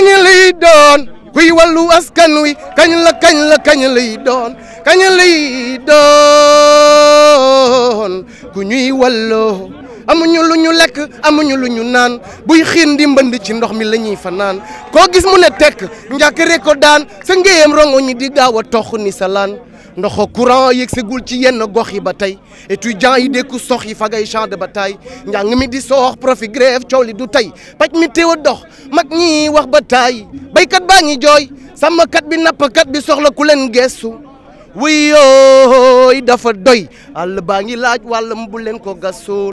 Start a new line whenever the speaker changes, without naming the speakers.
Kanyi lay don kuy walu askan wi kanyi la kanyi la kanyi lay don kañ lay don ku ñuy wàlloo amuñu luñu lek amuñu luñu nan naan buy xiin di mbënd ci ndox mi lañuy fa nan ko gis mu ne tekk njàkkare ko daan sa ngéyam rongo ñi di gawa tokh ni salan ndox courant yek se gul ci yenn gox yi ba tey étudiants de ku sox yi fagay champ de bataille njàng mi di sox profit grève ciow li du tay paj mi téew dox mag ñi wax ba taay béykat baa ngi jooy sàmmkat bi nappkat bi soxla ku leen geestu wuy yooy dafa doy àll baa ngi laaj wàllam bu leen ko gasoo